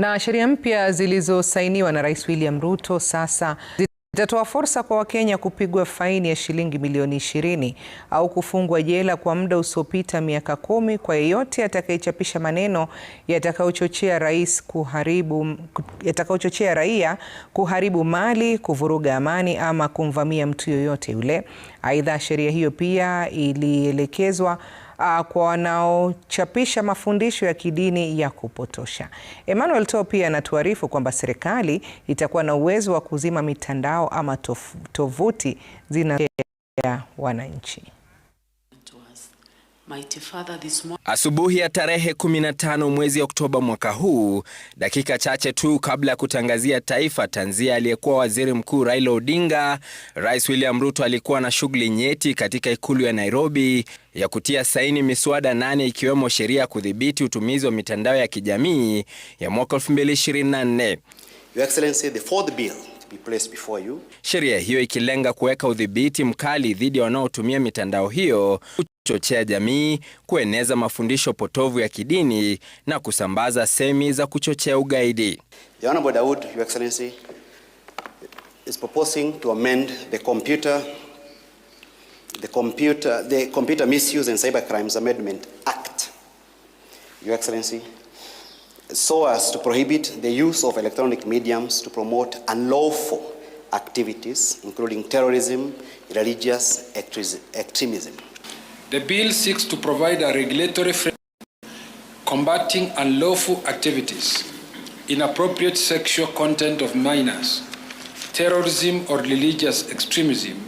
Na sheria mpya zilizosainiwa na Rais William Ruto sasa zitatoa fursa kwa Wakenya kupigwa faini ya shilingi milioni ishirini au kufungwa jela kwa muda usiopita miaka kumi kwa yeyote atakayechapisha maneno yatakayochochea rais kuharibu yatakayochochea raia kuharibu mali, kuvuruga amani ama kumvamia mtu yoyote yule. Aidha, sheria hiyo pia ilielekezwa uh, kwa wanaochapisha mafundisho ya kidini ya kupotosha. Emmanuel To pia anatuarifu kwamba serikali itakuwa na uwezo wa kuzima mitandao ama tof, tovuti zinazoelekea wananchi. Asubuhi ya tarehe 15 mwezi Oktoba mwaka huu, dakika chache tu kabla ya kutangazia taifa tanzia aliyekuwa waziri mkuu Raila Odinga, Rais William Ruto alikuwa na shughuli nyeti katika ikulu ya Nairobi ya kutia saini miswada nane ikiwemo sheria ya kudhibiti utumizi wa mitandao ya kijamii ya mwaka 2024. sheria hiyo ikilenga kuweka udhibiti mkali dhidi ya wanaotumia mitandao hiyo kuchochea jamii kueneza mafundisho potovu ya kidini na kusambaza semi za kuchochea ugaidi. The Honorable Daud, Your Excellency, is proposing to amend the computer, the computer, the computer misuse and amendment act, Your Excellency, so as to prohibit the use of electronic mediums to promote unlawful activities including terrorism, religious extremism. The bill seeks to provide a regulatory framework combating unlawful activities, inappropriate sexual content of minors, terrorism or religious extremism,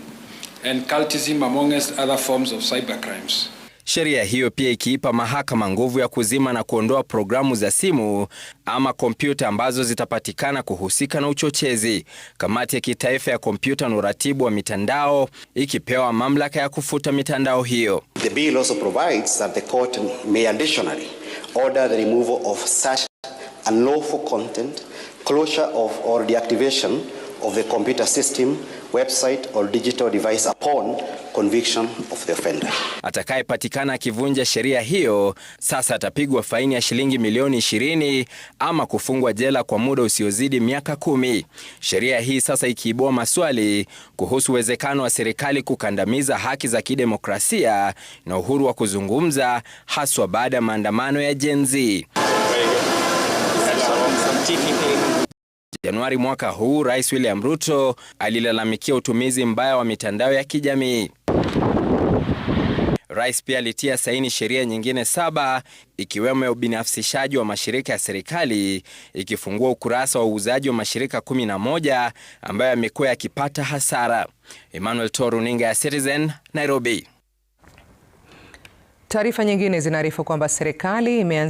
and cultism amongst other forms of cybercrimes sheria hiyo pia ikiipa mahakama nguvu ya kuzima na kuondoa programu za simu ama kompyuta ambazo zitapatikana kuhusika na uchochezi. Kamati ya kitaifa ya kompyuta na uratibu wa mitandao ikipewa mamlaka ya kufuta mitandao hiyo. The bill also provides that the court may additionally order the removal of such unlawful content, closure of or deactivation of the computer system, website or digital device upon conviction of the offender. Atakayepatikana akivunja sheria hiyo sasa atapigwa faini ya shilingi milioni 20 ama kufungwa jela kwa muda usiozidi miaka kumi. Sheria hii sasa ikiibua maswali kuhusu uwezekano wa serikali kukandamiza haki za kidemokrasia na uhuru wa kuzungumza haswa baada ya maandamano ya Gen Z. Januari mwaka huu Rais William Ruto alilalamikia utumizi mbaya wa mitandao ya kijamii. Rais pia alitia saini sheria nyingine saba ikiwemo ya ubinafsishaji wa mashirika ya serikali ikifungua ukurasa wa uuzaji wa mashirika 11 ambayo yamekuwa yakipata hasara. Emmanuel to runinga ya Citizen, Nairobi. Taarifa nyingine zinaarifu kwamba serikali imeanza